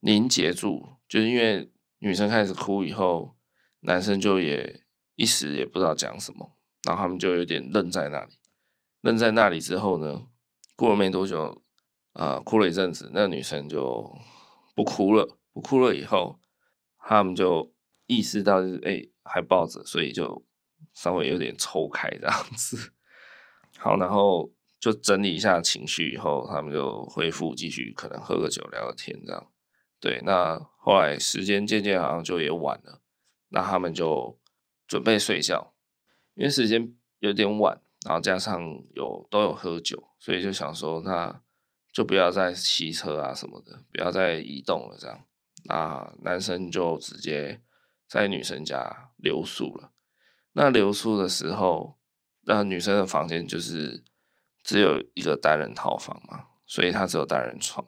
S1: 凝結住，就是因為女生開始哭以後，男生就也一時也不知道講什麼，然後他們就有點愣在那裡，愣在那裡之後呢，過了沒多久，啊、呃，哭了一陣子，那女生就。不哭了，不哭了以後，他們就意識到、就是哎、欸、還抱着，所以就稍微有點抽開這樣子。好，然後就整理一下情緒以後，他們就恢復繼續可能喝個酒聊個天這樣。對，那後來時間漸漸好像就也晚了，那他們就準備睡覺，因為時間有點晚，然後加上有都有喝酒，所以就想說那。就不要再騎車啊什麼的，不要再移動了這樣。那男生就直接在女生家留宿了。那留宿的時候，那女生的房間就是只有一個單人套房嘛，所以她只有單人床。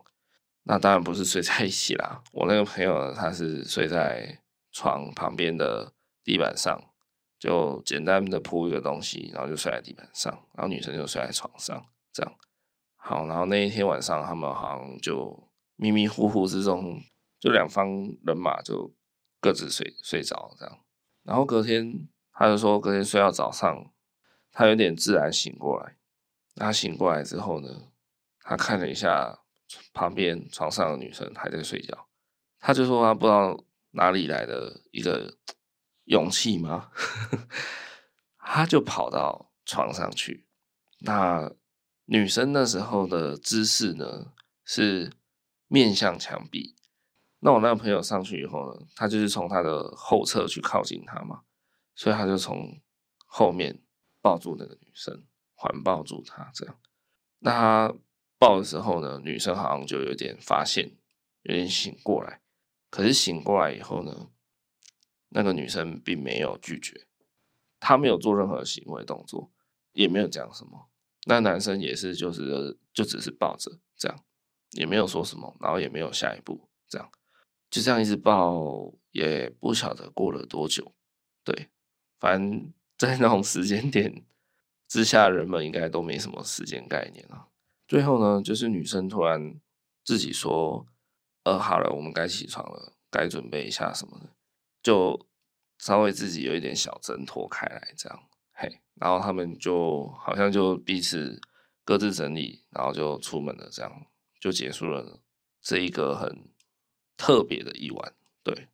S1: 那當然不是睡在一起啦。我那個朋友他是睡在床旁邊的地板上，就簡單的鋪一個東西，然後就睡在地板上，然後女生就睡在床上，這樣。好，然後那一天晚上，他們好像就迷迷糊糊之中，就兩方人馬就各自睡睡着，這樣。然後隔天，他就說隔天睡到早上，他有點自然醒過來。他醒過來之後呢，他看了一下旁邊床上的女生還在睡覺，他就說他不知道哪裡來的一個勇氣嗎， 他就跑到床上去，那，女生那時候的姿勢呢，是面向牆壁，那我那個朋友上去以後呢，他就是從他的後側去靠近她嘛，所以他就從後面抱住那個女生，環抱住她這樣。那他抱的時候呢，女生好像就有點發現，有點醒過來，可是醒過來以後呢，那個女生並沒有拒絕，她沒有做任何行為動作，也沒有講什麼。那男生也是，就是就只是抱着這樣，也沒有說什麼，然後也沒有下一步，這樣就這樣一直抱，也不曉得過了多久。對，反正在那種時間點之下，人們應該都沒什麼時間概念了。最後呢，就是女生突然自己說：“呃，好了，我們該起床了，該準備一下什麼的，就稍微自己有一點小掙脫開來，這樣。”嘿、hey，然後他們就好像就彼此各自整理，然後就出門了，這樣就結束了這一個很特別的一晚。對，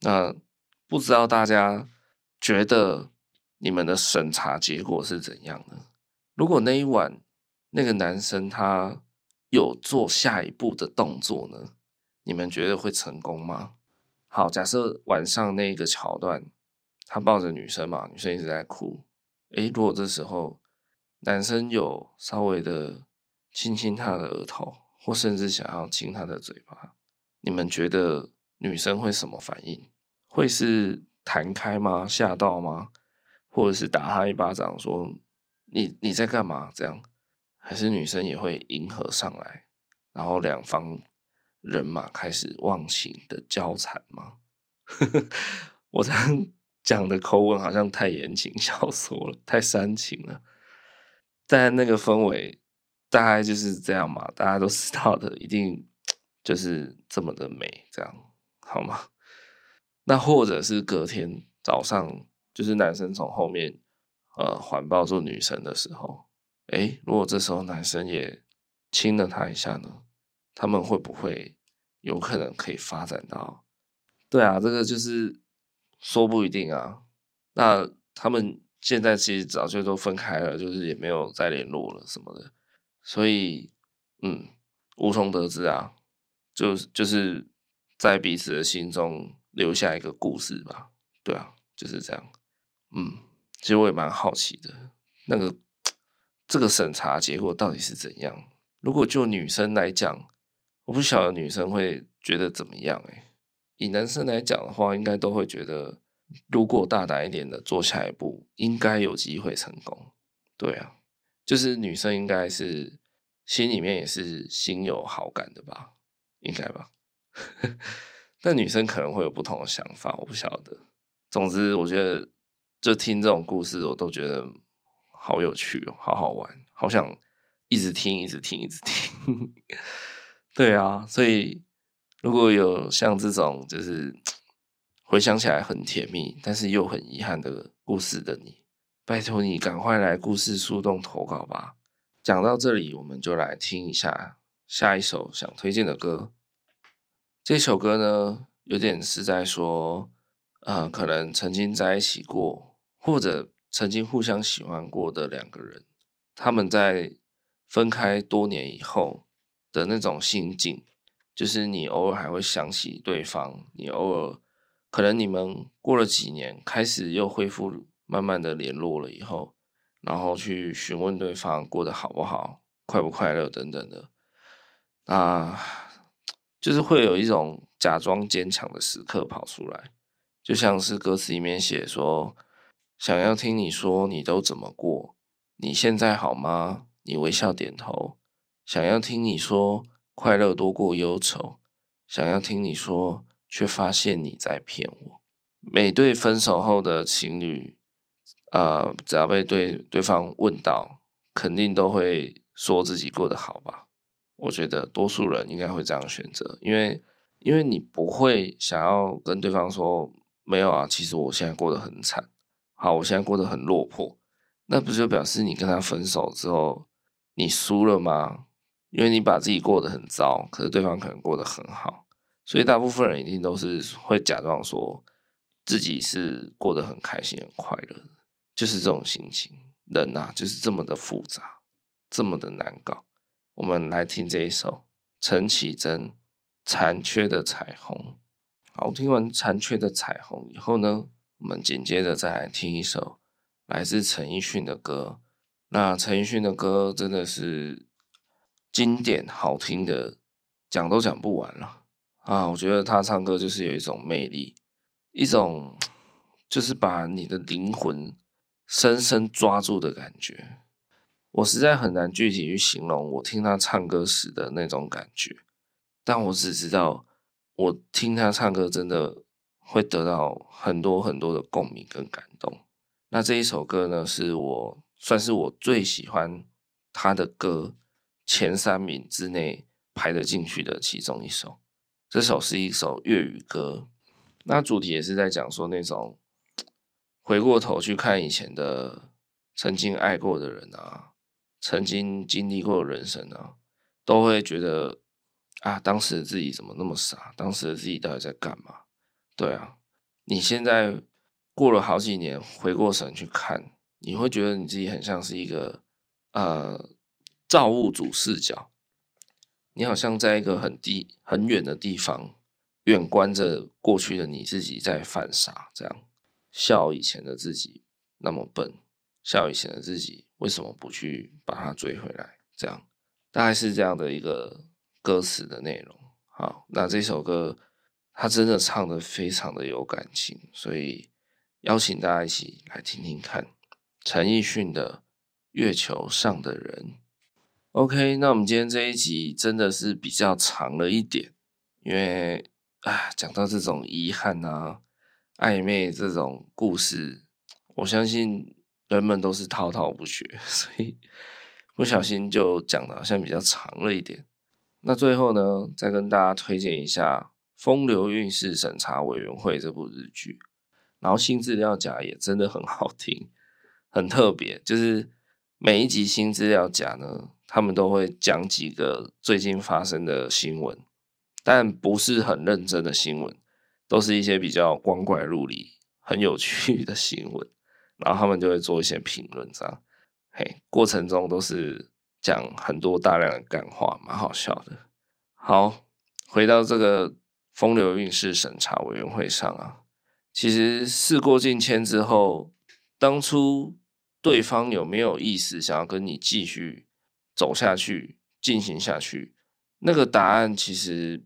S1: 那不知道大家覺得你們的審查結果是怎樣的？如果那一晚那個男生他有做下一步的動作呢，你們覺得會成功嗎？好，假設晚上那個橋段，他抱着女生嘛，女生一直在哭。哎、欸，如果這時候男生有稍微的親親她的額頭，或甚至想要親她的嘴巴，你們覺得女生會什麼反應？會是彈開嗎？嚇到嗎？或者是打他一巴掌說你你在幹嘛？這樣，還是女生也會迎合上來，然後兩方人馬開始忘形的交纏嗎？ 我這樣。講的口吻好像太言情小說了，太煽情了。但那個氛圍大概就是這樣嘛，大家都知道的，一定就是這麼的美，這樣好嗎？那或者是隔天早上，就是男生從後面呃環抱住女生的時候，哎、欸，如果這時候男生也親了她一下呢，他們會不會有可能可以發展到？對啊，這個就是。說不一定啊，那他們現在其實早就都分開了，就是也沒有再聯絡了什麼的，所以嗯，無從得知啊，就是就是在彼此的心中留下一個故事吧，對啊，就是這樣，嗯，其實我也蠻好奇的，那個這個審查結果到底是怎樣？如果就女生來講，我不曉得女生會覺得怎麼樣誒、欸。以男生來講的話，應該都會覺得，如果大膽一點的做下一步，應該有機會成功。對啊，就是女生應該是心裡面也是心有好感的吧？應該吧？ 但女生可能會有不同的想法，我不曉得。總之，我覺得就聽這種故事，我都覺得好有趣哦，好好玩，好想一直聽，一直聽，一直聽。 對啊，所以。如果有像這種就是回想起來很甜蜜，但是又很遺憾的故事的你，拜託你趕快來故事樹洞投稿吧。講到這裡，我們就來聽一下下一首想推薦的歌。這首歌呢，有點是在說，呃，可能曾經在一起過，或者曾經互相喜歡過的兩個人，他們在分開多年以後的那種心境。就是你偶爾還會想起對方，你偶爾可能你們過了幾年，開始又恢復慢慢的聯絡了以後，然後去詢問對方過得好不好，快不快樂等等的，啊，就是會有一種假裝堅強的時刻跑出來，就像是歌詞裡面寫說，想要聽你說你都怎麼過，你現在好嗎？你微笑點頭，想要聽你說。快樂多過憂愁，想要聽你說，卻發現你在騙我。每對分手後的情侶，呃，只要被對對方問到，肯定都會說自己過得好吧。我覺得多數人應該會這樣選擇，因為因為你不會想要跟對方說，沒有啊，其實我現在過得很慘，好，我現在過得很落魄，那不就表示你跟他分手之後，你輸了嗎？因為你把自己過得很糟，可是對方可能過得很好，所以大部分人一定都是會假裝說自己是過得很開心、很快樂，就是這種心情。人吶、啊，就是這麼的複雜，這麼的難搞。我們來聽這一首陳綺貞《殘缺的彩虹》。好，我聽完《殘缺的彩虹》以後呢，我們緊接着再來聽一首來自陳奕迅的歌。那陳奕迅的歌真的是。經典好聽的，講都講不完了啊，我覺得他唱歌就是有一種魅力，一種就是把你的靈魂深深抓住的感覺。我實在很難具體去形容我聽他唱歌時的那種感覺，但我只知道我聽他唱歌真的會得到很多很多的共鳴跟感動。那這一首歌呢，是我，算是我最喜歡他的歌，前三名之內排得進去的其中一首，這首是一首粵語歌，那主題也是在講說那種回過頭去看以前的曾經愛過的人啊，曾經經歷過的人生啊，都會覺得啊，當時自己怎麼那麼傻？當時自己到底在幹嘛？對啊，你現在過了好幾年，回過神去看，你會覺得你自己很像是一個呃。造物主視角，你好像在一個很低、很遠的地方，遠觀着過去的你自己在犯傻，這樣，笑以前的自己那麼笨，笑以前的自己為什麼不去把他追回來？這樣，大概是這樣的一個歌詞的內容。好，那這首歌他真的唱得非常的有感情，所以邀請大家一起來聽聽看陳奕迅的《月球上的人》。OK，那我們今天這一集真的是比較長了一點，因為啊，講到這種遺憾啊、曖昧這種故事，我相信人們都是滔滔不絕，所以不小心就講的好像比較長了一點。那最後呢，再跟大家推薦一下《風流韻事審查委員會》這部日劇，然後新資料夾也真的很好聽，很特別，就是每一集新資料夾呢。他們都會講幾個最近發生的新聞，但不是很認真的新聞，都是一些比較光怪陸離、很有趣的新聞。然後他們就會做一些評論，這樣。嘿，過程中都是講很多大量的幹話，蠻好笑的。好，回到這個風流韻事審查委員會上啊，其實事過境遷之後，當初對方有沒有意思想要跟你繼續？走下去，進行下去，那個答案其實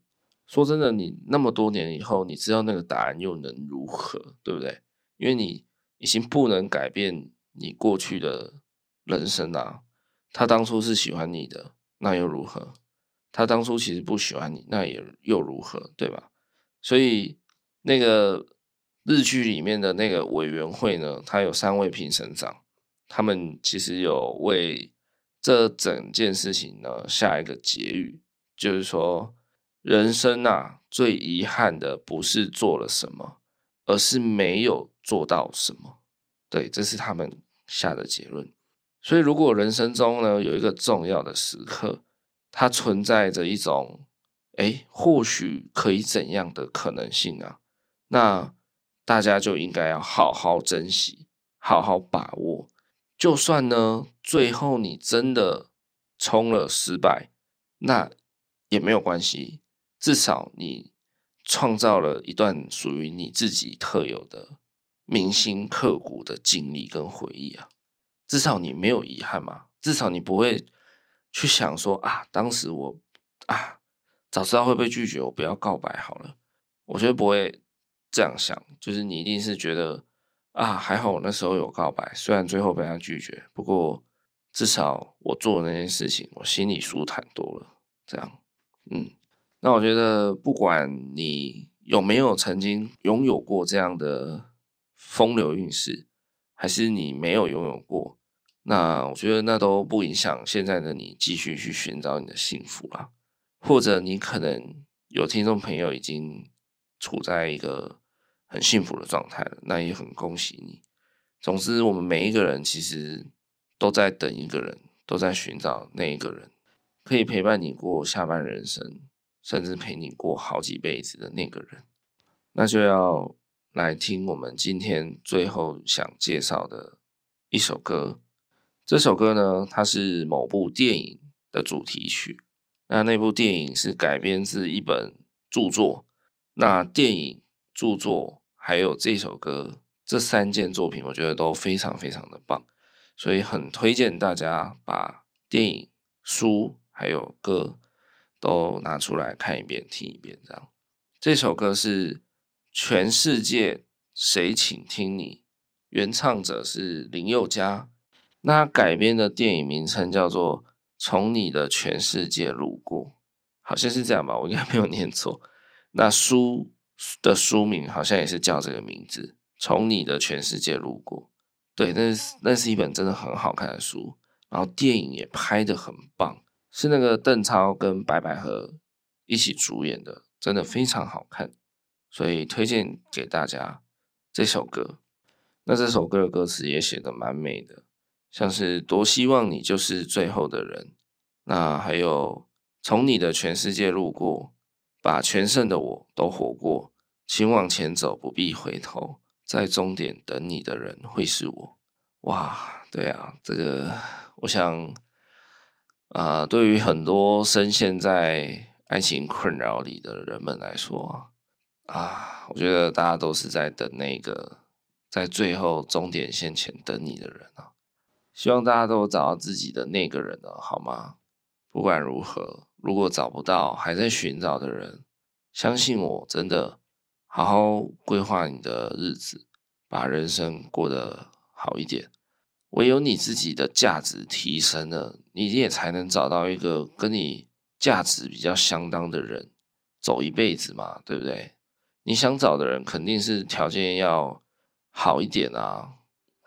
S1: 說真的，你那麼多年以後，你知道那個答案又能如何，對不對？因為你已經不能改變你過去的人生啊。他當初是喜歡你的，那又如何？他當初其實不喜歡你，那也又如何，對吧？所以那個日劇裡面的那個委員會呢，他有三位評審長，他們其實有為。這整件事情呢，下一個結語就是說，人生啊，最遺憾的不是做了什麼，而是沒有做到什麼。對，這是他們下的結論。所以，如果人生中呢有一個重要的時刻，它存在着一種，誒，或許可以怎樣的可能性啊？那大家就應該要好好珍惜，好好把握。就算呢，最後你真的衝了失敗，那也沒有關係，至少你創造了一段屬於你自己特有的銘心刻骨的經歷跟回憶啊。至少你沒有遺憾嘛，至少你不會去想說啊，當時我啊，早知道會被拒絕，我不要告白好了。我覺得不會這樣想，就是你一定是覺得。啊，還好我那時候有告白，雖然最後被他拒絕，不過至少我做的那件事情，我心裡舒坦多了。這樣，嗯，那我覺得，不管你有沒有曾經擁有過這樣的風流韻事，還是你沒有擁有過，那我覺得那都不影響現在的你繼續去尋找你的幸福了。或者你可能有聽眾朋友已經處在一個。很幸福的狀態了，那也很恭喜你。總之，我們每一個人其實都在等一個人，都在尋找那一個人，可以陪伴你過下半人生，甚至陪你過好幾輩子的那個人。那就要來聽我們今天最後想介紹的一首歌。這首歌呢，它是某部電影的主題曲。那那部電影是改編自一本著作。那電影著作。還有這首歌，這三件作品我覺得都非常非常的棒，所以很推薦大家把電影、書還有歌都拿出來看一遍、聽一遍，這樣。這首歌是《全世界誰傾聽你》，原唱者是林宥嘉，那他改編的電影名稱叫做《從你的全世界路過》，好像是這樣吧，我應該沒有念錯。那書。的書名好像也是叫這個名字，《從你的全世界路過》。對，那是那是一本真的很好看的書，然後電影也拍得很棒，是那個鄧超跟白百何一起主演的，真的非常好看，所以推薦給大家這首歌。那這首歌的歌詞也寫得蠻美的，像是“多希望你就是最後的人”，那還有“從你的全世界路過”。把全勝的我都活過，請往前走，不必回頭，在終點等你的人會是我。哇，對啊，這個，我想，啊、呃，對於很多深陷在愛情困擾裡的人們來說，啊，我覺得大家都是在等那個在最後終點線前等你的人啊。希望大家都找到自己的那個人了，好嗎？不管如何，如果找不到還在尋找的人，相信我，真的好好規劃你的日子，把人生過得好一點。唯有你自己的價值提升了，你也才能找到一個跟你價值比較相當的人，走一輩子嘛，對不對？你想找的人肯定是條件要好一點啊。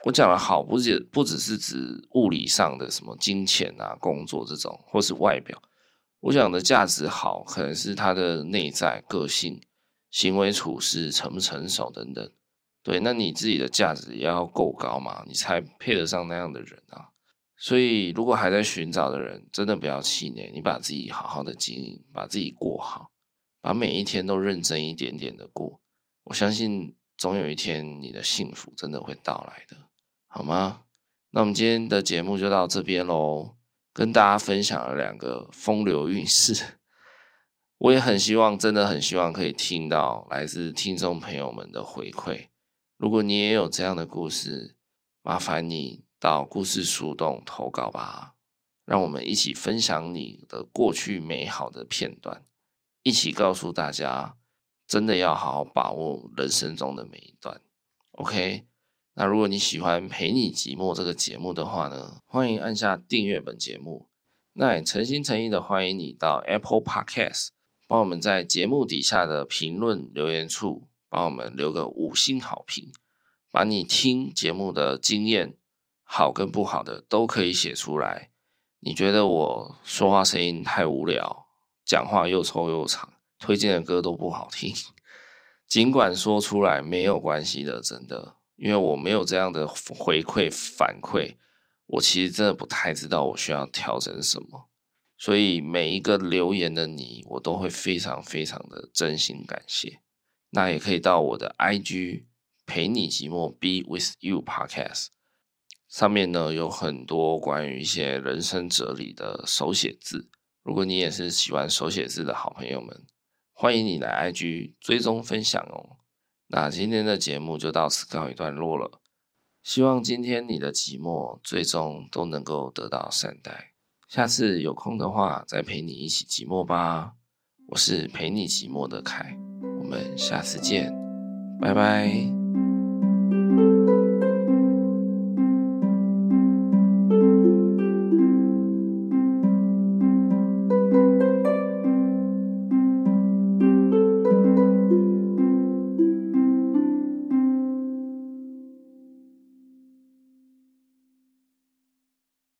S1: 我講的好，不僅不只是指物理上的什麼金錢啊、工作這種，或是外表。我講的價值好，可能是他的內在、個性、行為處事、成不成熟等等。對，那你自己的價值也要夠高嘛，你才配得上那樣的人啊。所以，如果還在尋找的人，真的不要氣餒，你把自己好好的經營，把自己過好，把每一天都認真一點點的過。我相信，總有一天，你的幸福真的會到來的。好嗎？那我們今天的節目就到這邊嘍，跟大家分享了兩個風流韻事。我也很希望，真的很希望可以聽到來自聽眾朋友們的回饋。如果你也有這樣的故事，麻煩你到故事樹洞投稿吧，讓我們一起分享你的過去美好的片段，一起告訴大家，真的要好好把握人生中的每一段。OK。那如果你喜歡《陪你寂寞》這個節目的話呢，歡迎按下訂閱本節目。那也誠心誠意的歡迎你到 Apple Podcast，幫我們在節目底下的評論留言處，幫我們留個五星好評。把你聽節目的經驗，好跟不好的都可以寫出來。你覺得我說話聲音太無聊，講話又臭又長，推薦的歌都不好聽， 儘管說出來沒有關係的，真的。因為我沒有這樣的回饋反饋，我其實真的不太知道我需要調整什麼。所以每一個留言的你，我都會非常非常的真心感謝。那也可以到我的 IG 陪你寂寞 Be With You Podcast 上面呢，有很多關於一些人生哲理的手寫字。如果你也是喜歡手寫字的好朋友們，歡迎你來 IG 追蹤分享哦。那今天的節目就到此告一段落了，希望今天你的寂寞最終都能夠得到善待。下次有空的話，再陪你一起寂寞吧。我是陪你寂寞的凱，我們下次見，拜拜。